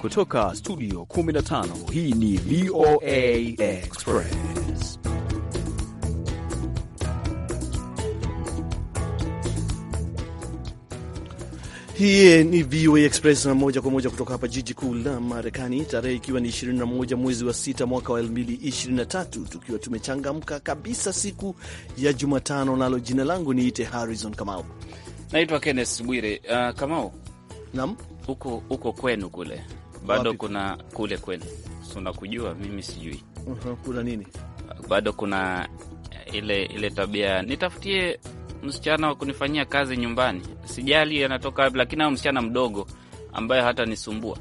Kutoka studio 15 hii ni VOA Express. Hii ni VOA Express na moja kwa moja kutoka hapa jiji kuu la Marekani, tarehe ikiwa ni 21 mwezi wa sita mwaka wa 2023, tukiwa tumechangamka kabisa siku ya Jumatano, nalo jina langu niite Harrison Kamau. Naitwa Kenneth Bwire. Uh, Kamau, naam, huko huko kwenu kule bado kuna kule kweli, unakujua mimi sijui. -huh, kuna nini? Bado kuna ile ile tabia, nitafutie msichana wa kunifanyia kazi nyumbani, sijali anatoka wapi, lakini ayo msichana mdogo ambaye hata nisumbua.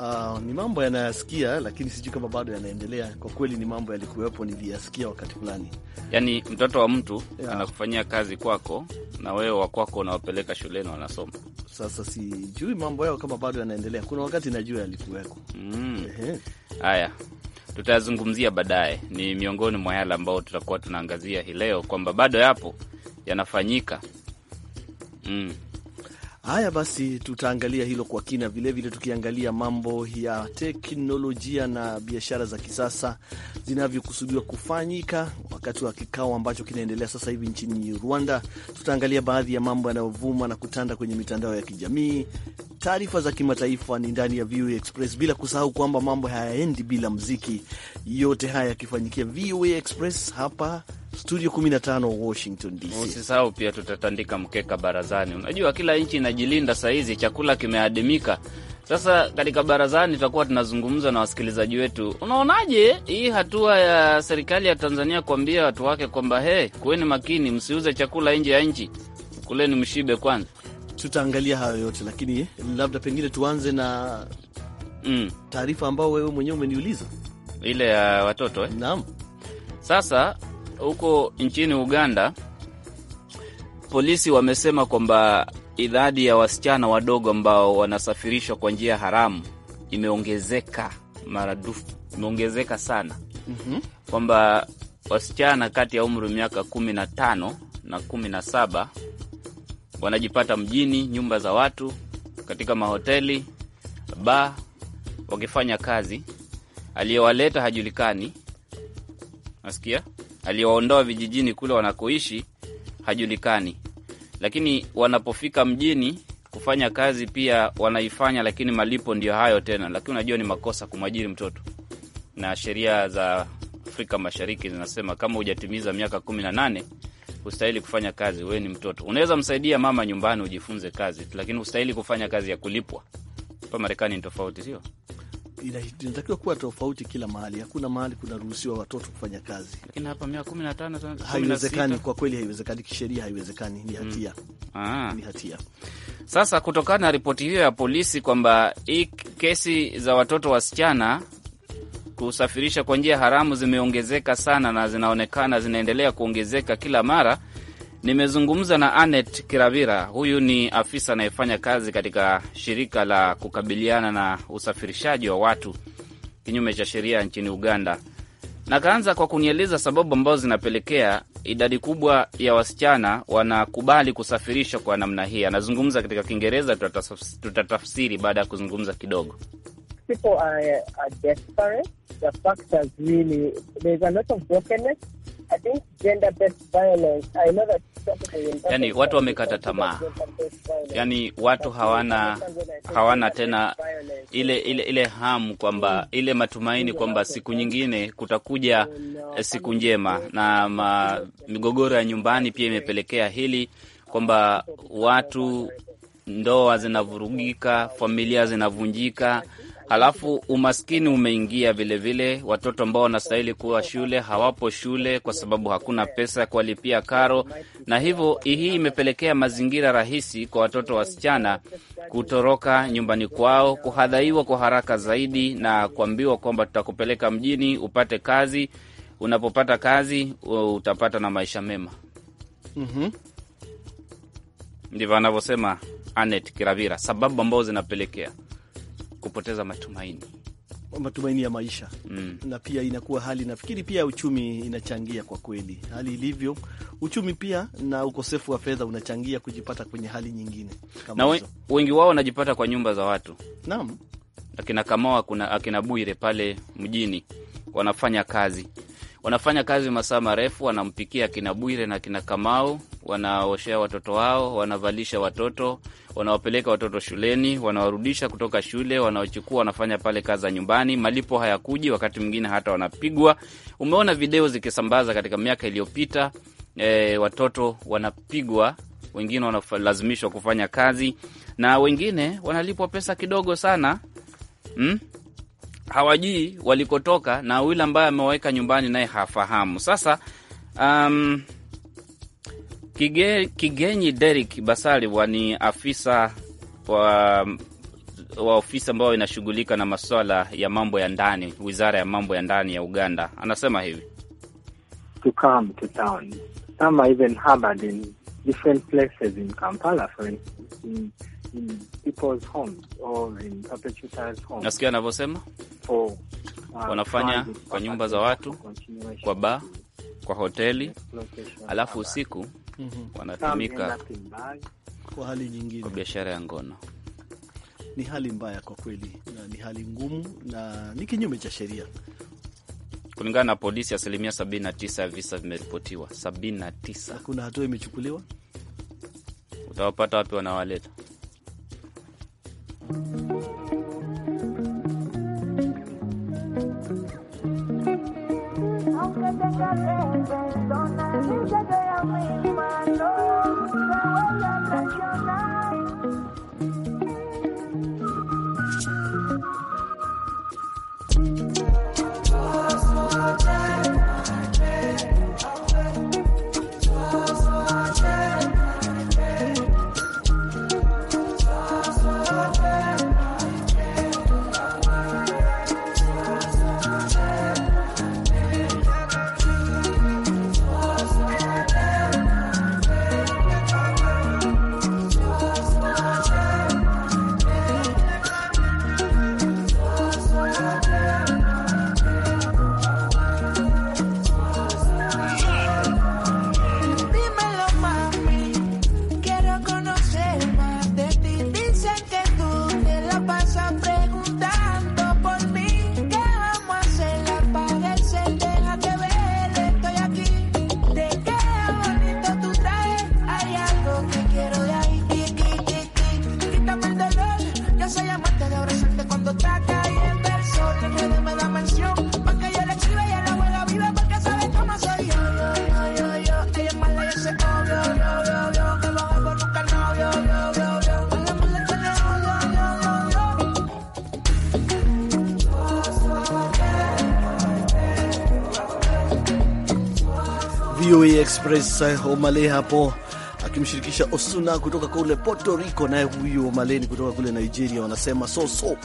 Uh, ni mambo yanayasikia, lakini sijui kama bado yanaendelea. Kwa kweli ni mambo yalikuwepo, niliyasikia wakati fulani. yani mtoto wa mtu yeah, anakufanyia kazi kwako na wewe wakwako unawapeleka shuleni wanasoma. Sasa sijui mambo yao kama bado yanaendelea, kuna wakati najua yalikuweko. Mm. Haya, mm. tutayazungumzia baadaye, ni miongoni mwa yale ambao tutakuwa tunaangazia hii leo kwamba bado yapo yanafanyika mm. Haya basi, tutaangalia hilo kwa kina, vilevile tukiangalia mambo ya teknolojia na biashara za kisasa zinavyokusudiwa kufanyika wakati wa kikao ambacho kinaendelea sasa hivi nchini Rwanda. Tutaangalia baadhi ya mambo yanayovuma na kutanda kwenye mitandao ya kijamii taarifa za kimataifa ni ndani ya VOA Express, bila kusahau kwamba mambo hayaendi bila mziki. Yote haya yakifanyikia VOA Express hapa studio 15 Washington DC. Usisahau pia tutatandika mkeka barazani. Unajua kila nchi inajilinda sahizi, chakula kimeadimika. Sasa katika barazani tutakuwa tunazungumza na wasikilizaji wetu. Unaonaje hii hatua ya serikali ya Tanzania kuambia watu wake kwamba he, kuweni makini, msiuze chakula nje ya nchi, kuleni mshibe kwanza tutaangalia hayo yote lakini eh, labda pengine tuanze na mm. taarifa ambao wewe mwenyewe umeniuliza ile ya uh, watoto eh? Naam. Sasa huko nchini Uganda polisi wamesema kwamba idadi ya wasichana wadogo ambao wanasafirishwa kwa njia haramu imeongezeka maradufu, imeongezeka sana mm -hmm. kwamba wasichana kati ya umri wa miaka kumi na tano na kumi na saba wanajipata mjini, nyumba za watu, katika mahoteli, ba wakifanya kazi. Aliyewaleta hajulikani, nasikia aliyewaondoa vijijini kule wanakoishi hajulikani, lakini wanapofika mjini kufanya kazi pia wanaifanya, lakini malipo ndio hayo tena. Lakini unajua ni makosa kumwajiri mtoto, na sheria za Afrika Mashariki zinasema kama hujatimiza miaka kumi na nane hustahili kufanya kazi, wewe ni mtoto. Unaweza msaidia mama nyumbani, ujifunze kazi, lakini hustahili kufanya kazi ya kulipwa. Hapa Marekani ni tofauti, sio? Inatakiwa kuwa tofauti kila mahali. Hakuna mahali kunaruhusiwa watoto kufanya kazi, lakini hapa miaka kumi na tano haiwezekani. Kwa kweli haiwezekani, kisheria haiwezekani, ni hatia hmm. Ni hatia. Sasa kutokana na ripoti hiyo ya polisi kwamba hii kesi za watoto wasichana kusafirisha kwa njia haramu zimeongezeka sana na zinaonekana zinaendelea kuongezeka kila mara. Nimezungumza na Anet Kiravira, huyu ni afisa anayefanya kazi katika shirika la kukabiliana na usafirishaji wa watu kinyume cha sheria nchini Uganda, na kaanza kwa kunieleza sababu ambazo zinapelekea idadi kubwa ya wasichana wanakubali kusafirishwa kwa namna hii. Anazungumza katika Kiingereza, tutatafsiri baada ya kuzungumza kidogo people are, are desperate. The really, there's a lot of brokenness. I think gender-based violence, I know that Yani watu wamekata tamaa, yani watu hawana hawana tena ile ile ile hamu kwamba ile matumaini kwamba siku nyingine kutakuja eh, siku njema, na ma, migogoro ya nyumbani pia imepelekea hili kwamba watu ndoa zinavurugika, familia zinavunjika, Halafu umaskini umeingia vilevile vile. Watoto ambao wanastahili kuwa shule hawapo shule kwa sababu hakuna pesa ya kuwalipia karo, na hivyo hii imepelekea mazingira rahisi kwa watoto wasichana kutoroka nyumbani kwao, kuhadhaiwa kwa haraka zaidi na kuambiwa kwamba tutakupeleka mjini upate kazi. Unapopata kazi utapata na maisha mema. mm -hmm. Ndivyo anavyosema Anet Kiravira, sababu ambazo zinapelekea kupoteza matumaini matumaini ya maisha mm. Na pia inakuwa hali nafikiri pia uchumi inachangia kwa kweli, hali ilivyo uchumi pia na ukosefu wa fedha unachangia kujipata kwenye hali nyingine kama na wengi wao wanajipata kwa nyumba za watu. Naam, akina Kamoa, kuna akina Bwire pale mjini wanafanya kazi wanafanya kazi masaa marefu, wanampikia kina Bwire na kina Kamau, wanaoshea watoto wao, wanavalisha watoto, wanawapeleka watoto shuleni, wanawarudisha kutoka shule, wanaochukua, wanafanya pale kazi za nyumbani. Malipo hayakuji, wakati mwingine hata wanapigwa. Umeona video zikisambaza katika miaka iliyopita, e, watoto wanapigwa, wengine wanalazimishwa kufanya kazi na wengine wanalipwa pesa kidogo sana mm? hawajui walikotoka na yule ambaye amewaweka nyumbani naye hafahamu. Sasa um, Kige, Kigenyi Derik Basali ni afisa wa wa ofisi ambayo inashughulika na maswala ya mambo ya ndani, wizara ya mambo ya ndani ya Uganda, anasema hivi to come to town. Some even harbored in different places in Kampala, for instance, in, in people's homes or in perpetrators' homes. Nasikia anavyosema um, wanafanya kwa nyumba za watu, kwa ba kwa hoteli, alafu usiku mhm. wanatumika kwa hali nyingine, kwa biashara ya ngono. Ni hali mbaya kwa kweli, na ni hali ngumu na ni kinyume cha sheria Kulingana na polisi, asilimia 79 ya visa vimeripotiwa. 79. Kuna hatua imechukuliwa? Utawapata wapi wanawaleta? kabisa Omale hapo akimshirikisha Osuna kutoka kule Puerto Rico, naye huyu Omale ni kutoka kule Nigeria. Wanasema so so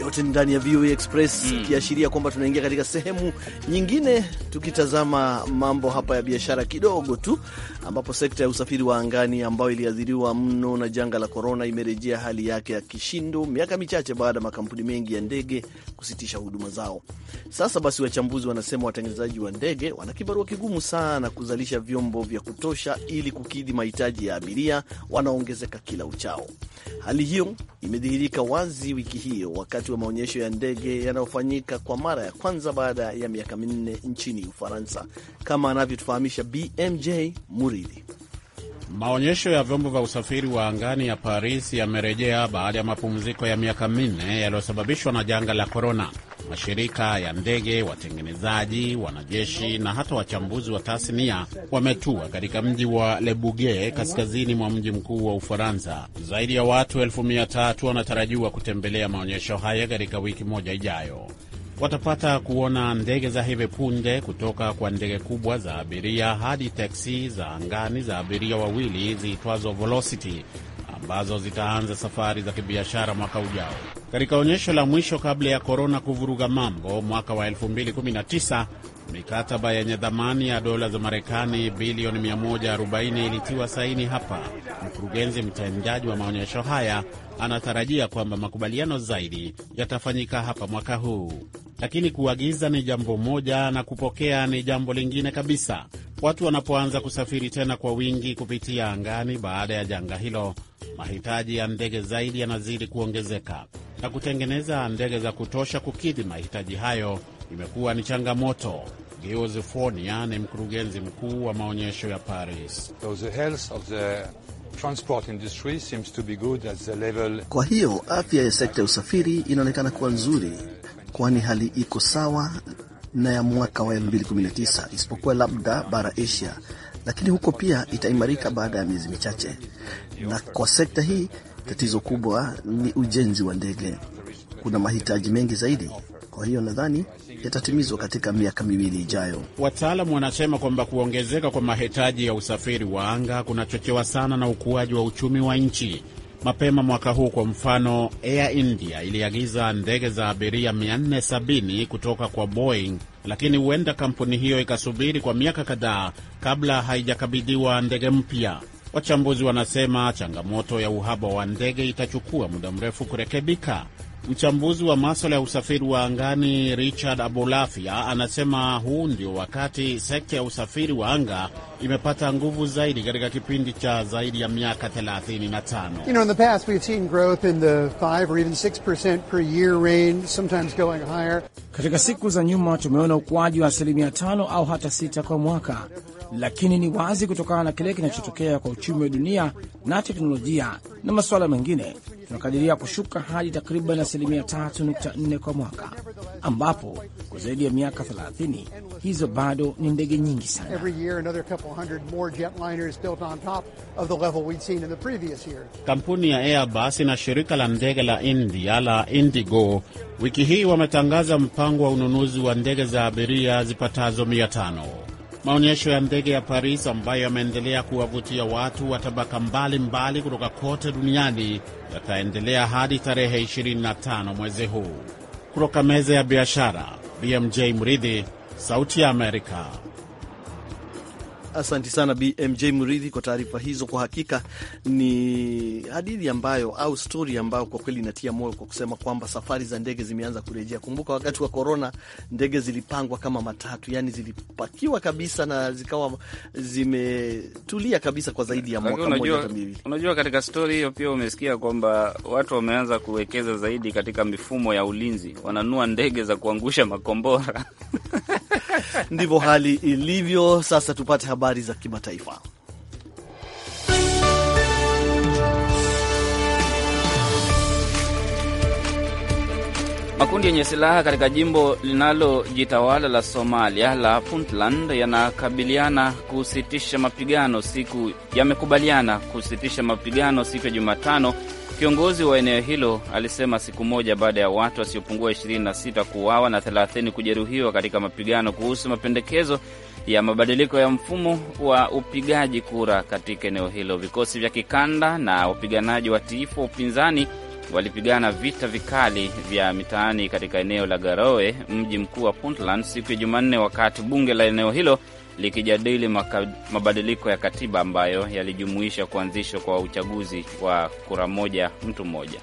yote ni ndani ya VOA e Express, mm. ikiashiria mm, kwamba tunaingia katika sehemu nyingine tukitazama mambo hapa ya biashara kidogo tu, ambapo sekta ya usafiri wa angani ambayo iliathiriwa mno na janga la korona imerejea hali yake ya kishindo miaka michache baada ya makampuni mengi ya ndege kusitisha huduma zao. Sasa basi, wachambuzi wanasema watengenezaji wa ndege wana kibarua kigumu sana kuzalisha vyombo vya kutosha ili kukidhi mahitaji ya abiria wanaongezeka kila uchao. Hali hiyo imedhihirika wazi wiki hiyo wakati wa maonyesho ya ndege yanayofanyika kwa mara ya kwanza baada ya miaka minne nchini nchini Ufaransa, kama anavyotufahamisha BMJ Muridhi. Maonyesho ya vyombo vya usafiri wa angani ya Paris yamerejea baada ya mapumziko ya miaka minne yaliyosababishwa na janga la korona. Mashirika ya ndege, watengenezaji, wanajeshi na hata wachambuzi wa tasnia wametua katika mji wa Le Bourget, kaskazini mwa mji mkuu wa Ufaransa. Zaidi ya watu elfu mia tatu wanatarajiwa kutembelea maonyesho haya katika wiki moja ijayo watapata kuona ndege za hivi punde kutoka kwa ndege kubwa za abiria hadi teksi za angani za abiria wawili ziitwazo Velocity ambazo zitaanza safari za kibiashara mwaka ujao. Katika onyesho la mwisho kabla ya korona kuvuruga mambo mwaka wa 2019, mikataba yenye thamani ya dola za Marekani bilioni 140 ilitiwa saini hapa. Mkurugenzi mtendaji wa maonyesho haya anatarajia kwamba makubaliano zaidi yatafanyika hapa mwaka huu lakini kuagiza ni jambo moja na kupokea ni jambo lingine kabisa. Watu wanapoanza kusafiri tena kwa wingi kupitia angani baada ya janga hilo, mahitaji ya ndege zaidi yanazidi kuongezeka, na kutengeneza ndege za kutosha kukidhi mahitaji hayo imekuwa ni changamoto. Giuseppe ni mkurugenzi mkuu wa maonyesho ya Paris. Kwa hiyo afya ya sekta ya usafiri inaonekana kuwa nzuri kwani hali iko sawa na ya mwaka wa 2019 isipokuwa labda bara Asia, lakini huko pia itaimarika baada ya miezi michache. Na kwa sekta hii tatizo kubwa ni ujenzi wa ndege, kuna mahitaji mengi zaidi, kwa hiyo nadhani yatatimizwa katika miaka miwili ijayo. Wataalamu wanasema kwamba kuongezeka kwa mahitaji ya usafiri wa anga kunachochewa sana na ukuaji wa uchumi wa nchi. Mapema mwaka huu, kwa mfano, Air India iliagiza ndege za abiria 470 kutoka kwa Boeing, lakini huenda kampuni hiyo ikasubiri kwa miaka kadhaa kabla haijakabidhiwa ndege mpya. Wachambuzi wanasema changamoto ya uhaba wa ndege itachukua muda mrefu kurekebika. Mchambuzi wa maswala ya usafiri wa angani Richard Abolafia anasema huu ndio wakati sekta ya usafiri wa anga imepata nguvu zaidi katika kipindi cha zaidi ya miaka 35. Katika siku za nyuma tumeona ukuaji wa asilimia tano au hata sita kwa mwaka lakini ni wazi kutokana na kile kinachotokea kwa uchumi wa dunia na teknolojia na masuala mengine, tunakadiria kushuka hadi takriban asilimia 3.4 kwa mwaka, ambapo kwa zaidi ya miaka 30 hizo bado ni ndege nyingi sana. Kampuni ya Airbus na shirika la ndege la India la Indigo wiki hii wametangaza mpango wa ununuzi wa ndege za abiria zipatazo 500. Maonyesho ya ndege ya Paris ambayo yameendelea kuwavutia watu wa tabaka mbalimbali kutoka kote duniani yataendelea hadi tarehe 25 mwezi huu. Kutoka meza ya biashara, BMJ Mridhi, Sauti ya Amerika. Asanti sana BMJ Mridhi kwa taarifa hizo. Kwa hakika ni hadithi ambayo au stori ambayo kwa kweli inatia moyo kwa kusema kwamba safari za ndege zimeanza kurejea. Kumbuka wakati wa korona ndege zilipangwa kama matatu, yani zilipakiwa kabisa na zikawa zimetulia kabisa kwa zaidi ya mwaka mmoja miwili. Unajua, katika stori hiyo pia umesikia kwamba watu wameanza kuwekeza zaidi katika mifumo ya ulinzi, wananua ndege za kuangusha makombora ndivyo hali ilivyo sasa. Tupate habari za kimataifa. Makundi yenye silaha katika jimbo linalojitawala la Somalia la Puntland yanakabiliana kusitisha mapigano siku yamekubaliana kusitisha mapigano siku ya Jumatano Kiongozi wa eneo hilo alisema siku moja baada ya watu wasiopungua 26 kuuawa na 30 kujeruhiwa katika mapigano kuhusu mapendekezo ya mabadiliko ya mfumo wa upigaji kura katika eneo hilo. Vikosi vya kikanda na wapiganaji watiifu wa upinzani walipigana vita vikali vya mitaani katika eneo la Garowe, mji mkuu wa Puntland, siku ya Jumanne, wakati bunge la eneo hilo likijadili mabadiliko ya katiba ambayo yalijumuisha kuanzishwa kwa uchaguzi wa kura moja mtu mmoja.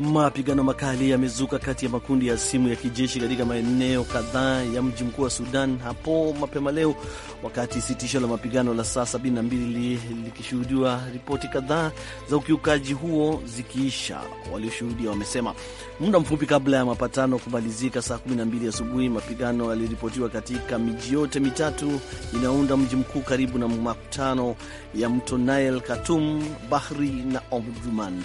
Mapigano makali yamezuka kati ya makundi ya simu ya kijeshi katika maeneo kadhaa ya mji mkuu wa Sudan hapo mapema leo, wakati sitisho la mapigano la saa 72 likishuhudiwa, ripoti kadhaa za ukiukaji huo zikiisha. Walioshuhudia wamesema muda mfupi kabla ya mapatano kumalizika saa 12 asubuhi, mapigano yaliripotiwa katika miji yote mitatu inayounda mji mkuu karibu na makutano ya mto Nile, Khartoum, Bahri na Omdurman.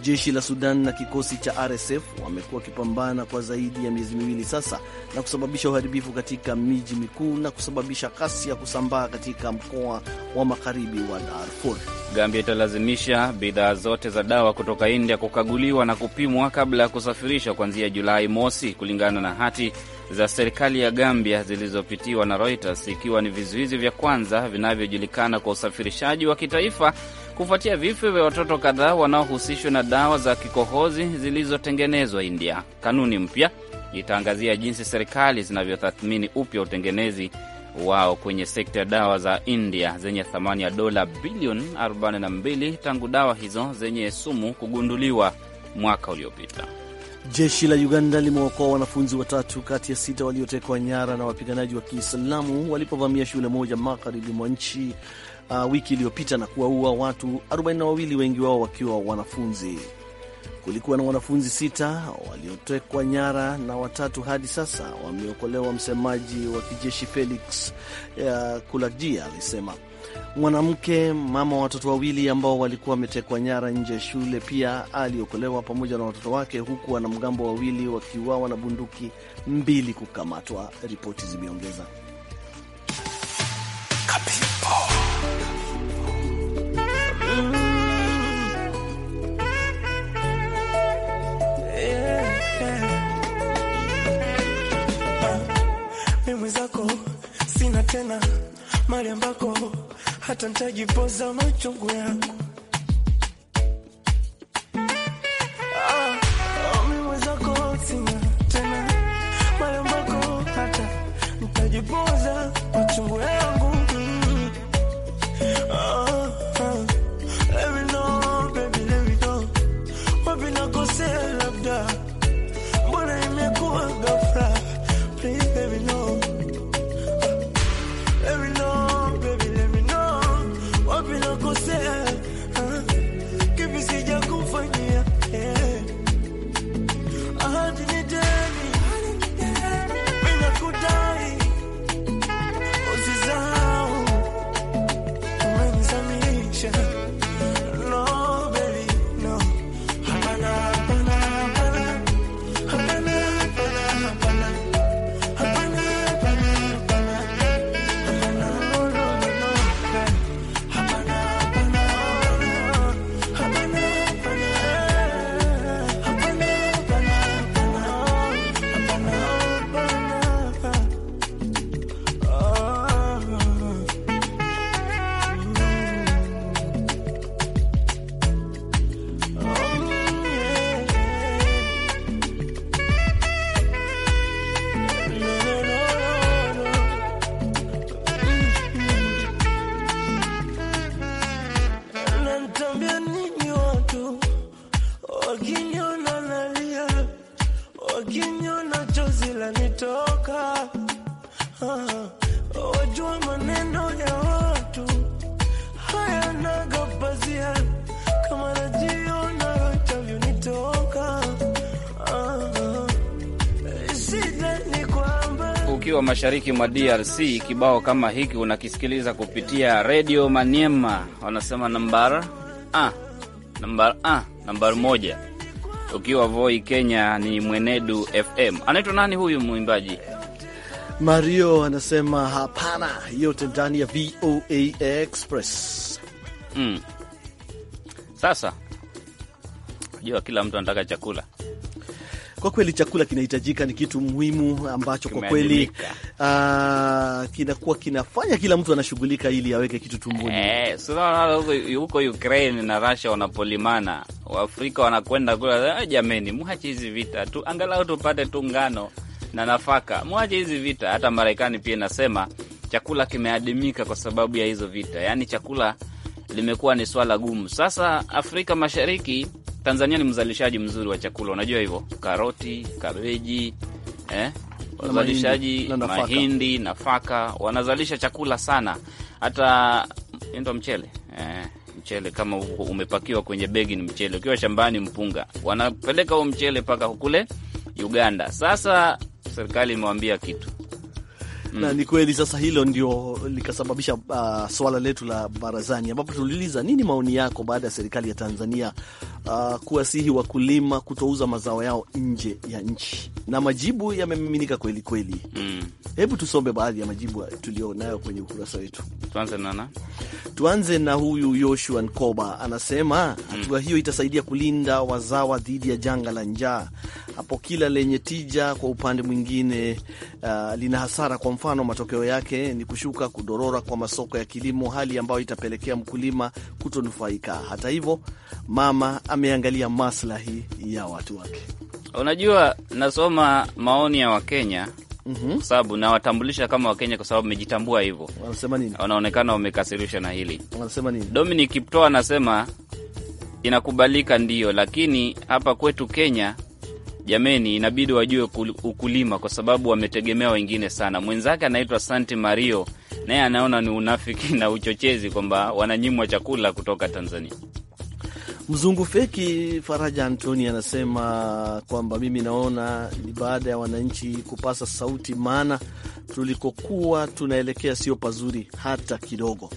Jeshi la Sudan na kikosi cha RSF wamekuwa wakipambana kwa zaidi ya miezi miwili sasa na kusababisha uharibifu katika miji mikuu na kusababisha kasi ya kusambaa katika mkoa wa magharibi wa Darfur. Gambia italazimisha bidhaa zote za dawa kutoka India kukaguliwa na kupimwa kabla ya kusafirishwa kuanzia Julai mosi, kulingana na hati za serikali ya Gambia zilizopitiwa na Reuters, ikiwa ni vizuizi vya kwanza vinavyojulikana kwa usafirishaji wa kitaifa kufuatia vifo vya watoto kadhaa wanaohusishwa na dawa za kikohozi zilizotengenezwa India. Kanuni mpya itaangazia jinsi serikali zinavyotathmini upya utengenezi wao kwenye sekta ya dawa za India zenye thamani ya dola bilioni 42 tangu dawa hizo zenye sumu kugunduliwa mwaka uliopita. Jeshi la Uganda limewaokoa wanafunzi watatu kati ya sita waliotekwa nyara na wapiganaji wa Kiislamu walipovamia shule moja magharibi mwa nchi uh, wiki iliyopita na kuwaua watu 42 wengi wao wakiwa wanafunzi. Kulikuwa na wanafunzi sita waliotekwa nyara na watatu hadi sasa wameokolewa. Msemaji wa kijeshi Felix uh, Kulajia alisema mwanamke mama wa watoto wawili ambao walikuwa wametekwa nyara nje ya shule pia aliokolewa pamoja na watoto wake, huku wanamgambo wawili wakiuawa na bunduki mbili kukamatwa, ripoti zimeongeza. pale ambako hata nitajipoza machungu yangu. Ah, oh, ambako hata nitajipoza machungu yangu. mashariki mwa DRC. Kibao kama hiki unakisikiliza kupitia redio Maniema, wanasema nambar ah, nambar ah, nambar moja. Ukiwa Voi Kenya ni Mwenedu FM. Anaitwa nani huyu mwimbaji? Mario anasema hapana, yote ndani ya VOA Express. Mm. Sasa jua kila mtu anataka chakula kwa kweli chakula kinahitajika, ni kitu muhimu ambacho kwa kweli uh, kinakuwa kinafanya kila mtu anashughulika ili aweke kitu tumbuni. Eh, huko Ukraine na Russia wanapolimana, Waafrika wanakwenda kula, eh, jameni, mwache hizi vita tu, angalau tupate tu ngano na nafaka, mwache hizi vita. Hata Marekani pia inasema chakula kimeadimika kwa sababu ya hizo vita, yaani chakula limekuwa ni swala gumu. Sasa Afrika Mashariki Tanzania ni mzalishaji mzuri wa chakula, unajua hivyo, karoti, kabeji eh? wazalishaji na mahindi, mahindi nafaka, wanazalisha chakula sana, hata ndo mchele eh, mchele kama umepakiwa kwenye begi ni mchele, ukiwa shambani mpunga, wanapeleka huo mchele mpaka kule Uganda. Sasa serikali imewambia kitu na mm. ni kweli sasa hilo ndio likasababisha uh, swala letu la barazani, ambapo tuliuliza nini maoni yako baada ya serikali ya Tanzania uh, kuwasihi wakulima kutouza mazao yao nje ya nchi, na majibu yamemiminika kweli kweli. Mm. Hebu tusome baadhi ya majibu tulionayo kwenye ukurasa wetu. Tuanze nana, tuanze na huyu Yoshua Nkoba anasema mm. hatua mm. hiyo itasaidia kulinda wazawa dhidi ya janga la njaa, hapo kila lenye tija kwa upande mwingine uh, lina hasara kwa mfano, matokeo yake ni kushuka, kudorora kwa masoko ya kilimo, hali ambayo itapelekea mkulima kutonufaika. Hata hivyo, mama ameangalia maslahi ya watu wake. Unajua, nasoma maoni ya Wakenya Mm -hmm. Kwa sababu nawatambulisha kama Wakenya kwa sababu mejitambua hivyo. Wanasema nini? Wanaonekana wamekasirisha na hili. Wanasema nini? Dominic Kiptoa anasema inakubalika, ndiyo, lakini hapa kwetu Kenya jameni, inabidi wajue ukulima kwa sababu wametegemea wengine sana. Mwenzake anaitwa Santi Mario, naye anaona ni unafiki na uchochezi kwamba wananyimwa chakula kutoka Tanzania. Mzungu feki Faraja Antoni anasema kwamba mimi naona ni baada ya wananchi kupasa sauti, maana tulikokuwa tunaelekea sio pazuri hata kidogo.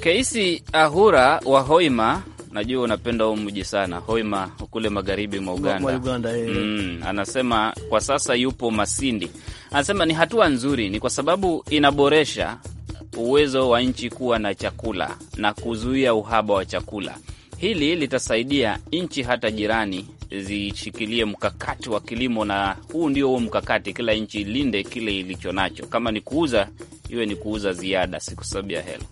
Keisi Ahura wa Hoima najua unapenda huu mji sana Hoima kule magharibi mwa Uganda, Uganda yeah. Mm, anasema kwa sasa yupo Masindi, anasema ni hatua nzuri, ni kwa sababu inaboresha uwezo wa nchi kuwa na chakula na kuzuia uhaba wa chakula. Hili litasaidia nchi hata jirani zishikilie mkakati wa kilimo, na huu ndio huo mkakati, kila nchi ilinde kile ilicho nacho. Kama ni kuuza, iwe ni kuuza ziada, sikusabia hela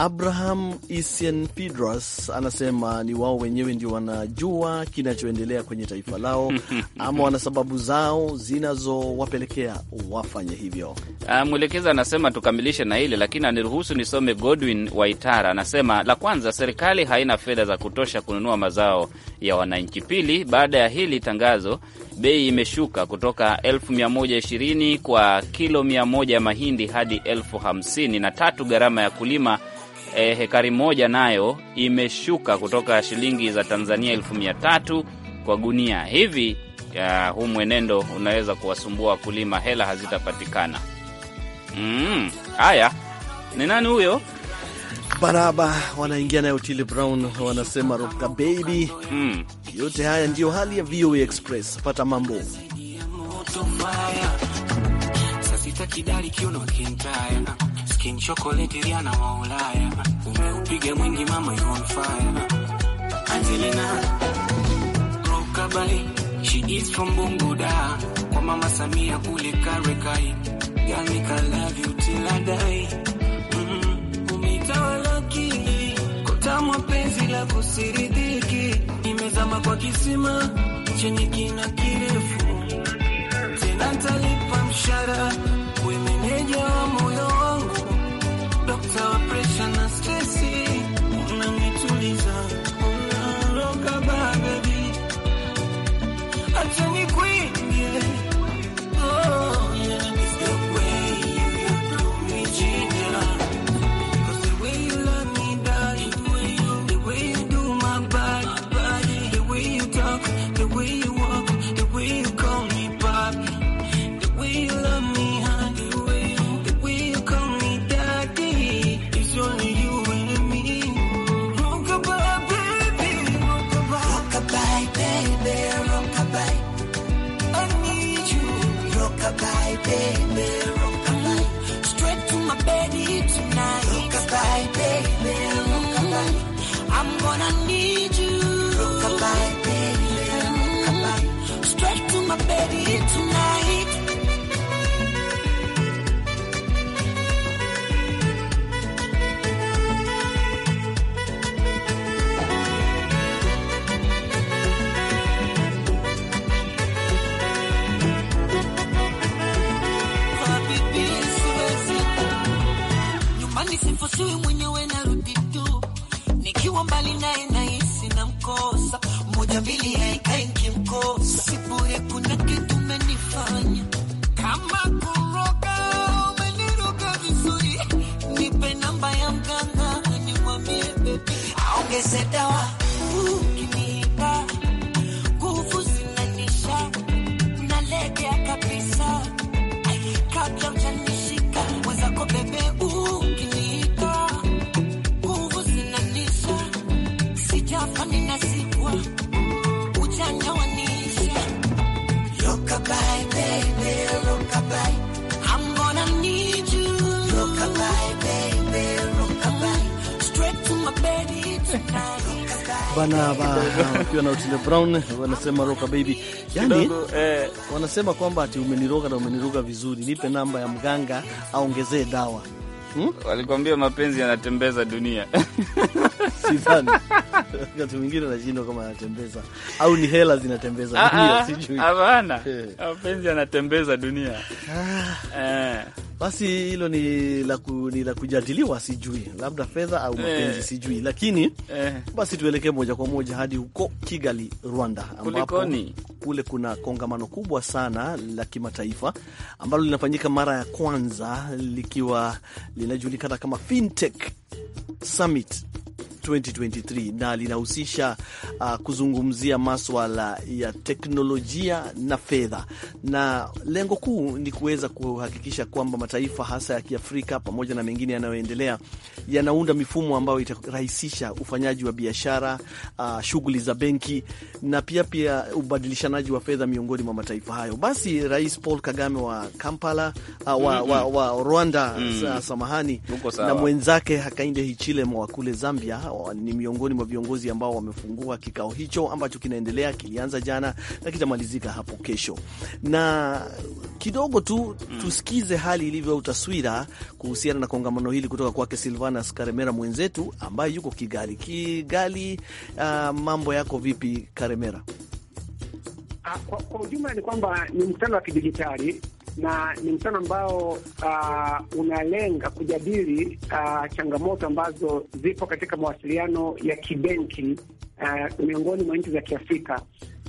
Abraham Isian Pidras anasema ni wao wenyewe ndio wanajua kinachoendelea kwenye taifa lao ama wana sababu zao zinazowapelekea wafanye hivyo. Uh, mwelekezi anasema tukamilishe na hili lakini aniruhusu nisome. Godwin Waitara anasema la kwanza, serikali haina fedha za kutosha kununua mazao ya wananchi. Pili, baada ya hili tangazo, bei imeshuka kutoka elfu mia moja ishirini kwa kilo mia moja ya mahindi hadi elfu hamsini na tatu. Gharama ya kulima eh, hekari moja nayo imeshuka kutoka shilingi za Tanzania elfu mia tatu kwa gunia. Hivi huu mwenendo unaweza kuwasumbua wakulima, hela hazitapatikana. Mm, haya, ni nani huyo? Baraba wanaingia nayo Otile Brown wanasema Rock baby. Mm. Yote haya ndiyo hali ya VOA Express, pata mambo Skin chocolate Rihanna wa Ulaya, umeupiga mwingi mama you on fire. Angelina Rokabali, she is from Bunguda, kwa mama Samia kule Karekai. Yani ka love you till I die. Mm la kusiridiki, imezama kwa kisima chenye kina kirefu, tena talipa mshara, wemeneja celebration Kifo siwe mwenyewe narudi tu, nikiwa mbali naye nahisi namkosa. Moja mbili haikai nikimkosa, si bure, kuna kitu umenifanya kama kuroga, umeniroga vizuri. Nipe namba ya mganga nimwambie bebi aongeze dawa bana wakiwa na Otile Brown wanasema roka baby, yani eh, wanasema kwamba ati umeniroga na umeniroga vizuri, nipe namba ya mganga aongezee dawa hmm? Walikwambia mapenzi yanatembeza dunia sidhani wakati mwingine nashindwa kama anatembeza au ni hela zinatembeza dunia, ah, ah, sijui. Hapana, eh. mapenzi yanatembeza dunia ah. eh. Basi hilo ni la ku, ni la kujadiliwa, sijui labda fedha au eh. mapenzi eh, sijui lakini eh. Basi tuelekee moja kwa moja hadi huko Kigali, Rwanda, ambapo kule kuna kongamano kubwa sana la kimataifa ambalo linafanyika mara ya kwanza likiwa linajulikana kama Fintech Summit 2023 na linahusisha uh, kuzungumzia maswala ya teknolojia na fedha, na lengo kuu ni kuweza kuhakikisha kwamba mataifa hasa ya Kiafrika pamoja na mengine yanayoendelea yanaunda mifumo ambayo itarahisisha ufanyaji wa biashara, uh, shughuli za benki na pia pia ubadilishanaji wa fedha miongoni mwa mataifa hayo. Basi Rais Paul Kagame wa Kampala uh, wa, wa, wa Rwanda mm -hmm. Samahani na mwenzake Hakainde Hichilema wa kule Zambia ni miongoni mwa viongozi ambao wamefungua kikao hicho ambacho kinaendelea, kilianza jana na kitamalizika hapo kesho. Na kidogo tu tusikize hali ilivyo au taswira kuhusiana na kongamano hili kutoka kwake Silvanas Karemera mwenzetu ambaye yuko Kigali. Kigali, uh, mambo yako vipi Karemera? Ah, kwa, kwa ujumla ni kwamba ni mkutano wa kidijitali na ni mkutano ambao uh, unalenga kujadili uh, changamoto ambazo zipo katika mawasiliano ya kibenki uh, miongoni mwa nchi za Kiafrika,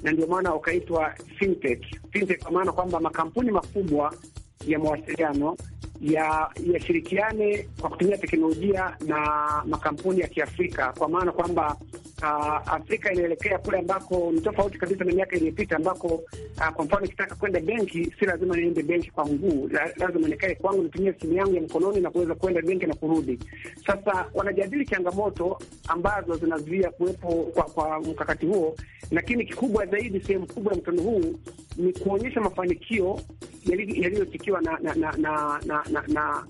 na ndio maana ukaitwa fintech. Fintech kwa maana kwamba makampuni makubwa ya mawasiliano yashirikiane kwa kutumia teknolojia na makampuni ya Kiafrika, kwa maana kwamba uh, Afrika inaelekea kule ambako ni tofauti kabisa na miaka iliyopita, ambako uh, kwa mfano ikitaka kwenda benki si lazima niende benki kwa mguu, lazima nikae kwangu nitumie simu yangu ya mkononi na kuweza kwenda benki na kurudi. Sasa wanajadili changamoto ambazo zinazuia kuwepo kwa, kwa mkakati huo, lakini kikubwa zaidi, sehemu kubwa ya mkutano huu ni kuonyesha mafanikio yaliyofikiwa na, na, na, na, na, na, na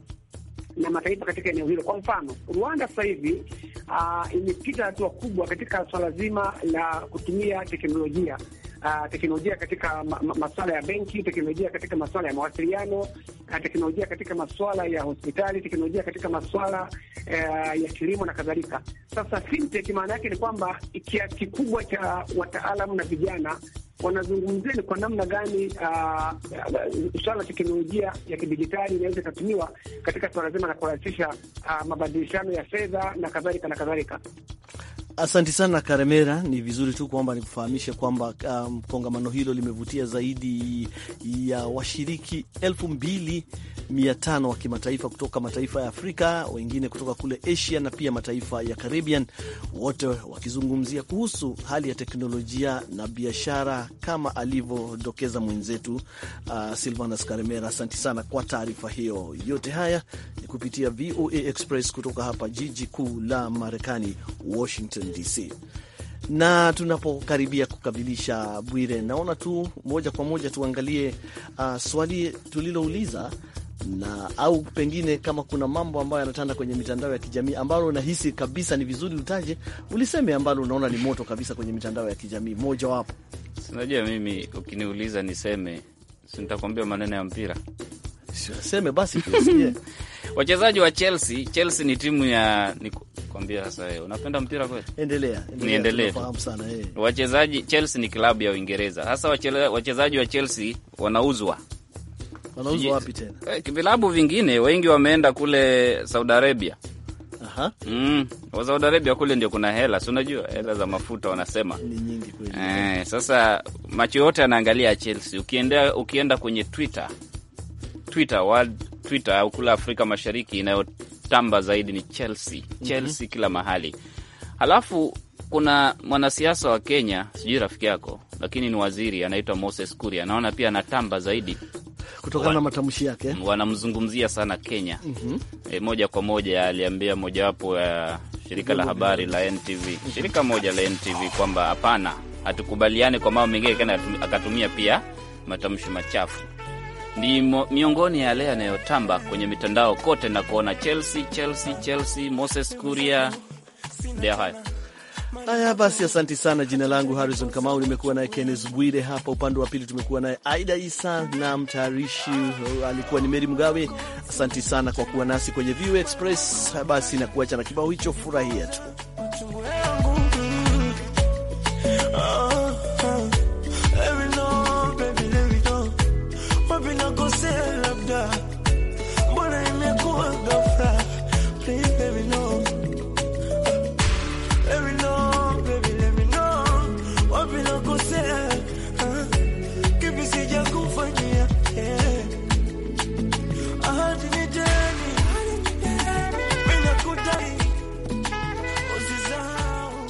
na mataifa katika eneo hilo. Kwa mfano, Rwanda sasa hivi uh, imepita hatua kubwa katika swala zima la kutumia teknolojia uh, teknolojia katika ma masuala ya benki, teknolojia katika masuala ya mawasiliano, uh, teknolojia katika masuala ya hospitali, teknolojia katika masuala uh, eh, ya kilimo na kadhalika. Sasa fintech maana yake ni kwamba kiasi kikubwa cha wataalamu na vijana wanazungumzia ni kwa namna gani uh, swala la teknolojia ya kidijitali inaweza ikatumiwa katika suala zima la kurahisisha uh, mabadilishano ya fedha na kadhalika na kadhalika. Asanti sana Karemera, ni vizuri tu kwamba nikufahamishe kwamba um, kongamano hilo limevutia zaidi ya washiriki elfu mbili mia tano wa kimataifa kutoka mataifa ya Afrika, wengine kutoka kule Asia na pia mataifa ya Caribbean, wote wakizungumzia kuhusu hali ya teknolojia na biashara kama alivyodokeza mwenzetu uh, Silvanus Karemera. Asante sana kwa taarifa hiyo. Yote haya ni kupitia VOA Express kutoka hapa jiji kuu la Marekani, Washington DC na tunapokaribia kukamilisha, Bwire, naona tu moja kwa moja tuangalie uh, swali tulilouliza na au pengine kama kuna mambo ambayo yanatanda kwenye mitandao ya kijamii ambalo unahisi kabisa ni vizuri utaje, uliseme ambalo unaona ni moto kabisa kwenye mitandao ya kijamii moja wapo. Unajua, mimi ukiniuliza niseme, sintakwambia maneno ya mpira Seme basi tusikie. Wachezaji wa Chelsea, Chelsea ni timu ya ni kuambia sasa wewe unapenda mpira kweli? Endelea. Niendelee. Fahamu sana eh. Wachezaji Chelsea ni klabu ya Uingereza. Sasa wachezaji wa Chelsea wanauzwa wanauzwa wapi tena? Eh, Vilabu vingine wengi wameenda kule Saudi Arabia. Aha. Mm, wa Saudi Arabia kule ndio kuna hela, si unajua hela za mafuta wanasema ni nyingi kweli. Eh, sasa macho yote yanaangalia Chelsea. Ukienda, ukienda kwenye Twitter Twitter world Twitter au kule Afrika Mashariki inayotamba zaidi ni Chelsea. Mhm. Chelsea mm -hmm. Kila mahali halafu kuna mwanasiasa wa Kenya, sijui rafiki yako, lakini ni waziri anaitwa Moses Kuria, naona pia anatamba zaidi kutokana na matamshi yake. Wanamzungumzia sana Kenya. mm -hmm. E, moja kwa moja aliambia mojawapo ya shirika la habari la NTV mm -hmm. shirika moja la NTV kwamba hapana, hatukubaliane kwa mambo mengine, kena, akatumia pia matamshi machafu ni miongoni yale yanayotamba kwenye mitandao kote na kuona Chelsea, Chelsea, Chelsea, Moses Kuria, ndio Haya basi, asanti sana. Jina langu Harrison Kamau, nimekuwa naye Kennes Bwire hapa upande wa pili, tumekuwa naye Aida Isa na mtayarishi uh, alikuwa ni Meri Mgawe. asanti sana kwa kuwa nasi kwenye View Express. Basi nakuacha na kibao hicho, furahia tu.